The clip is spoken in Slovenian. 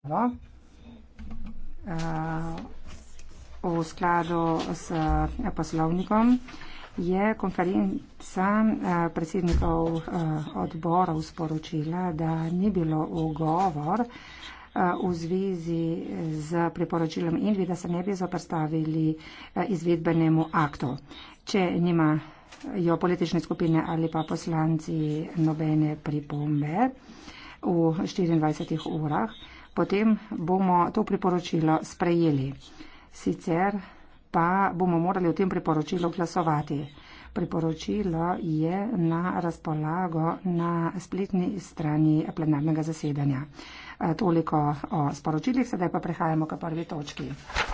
Uh, v skladu s eh, poslovnikom je konferenca eh, predsednikov odborov sporočila, da ni bilo ugovor v zvezi z priporočilom Invi, da se ne bi zoprstavili izvedbenemu aktu. Če nima jo politične skupine ali pa poslanci nobene pripombe, uh, v 24 urah, potem bomo to priporočilo sprejeli. Sicer pa bomo morali o tem priporočilu glasovati. Priporočilo je na razpolago na spletni strani plenarnega zasedanja. Eh, toliko o sporočilih, sedaj pa prehajamo k prvi točki.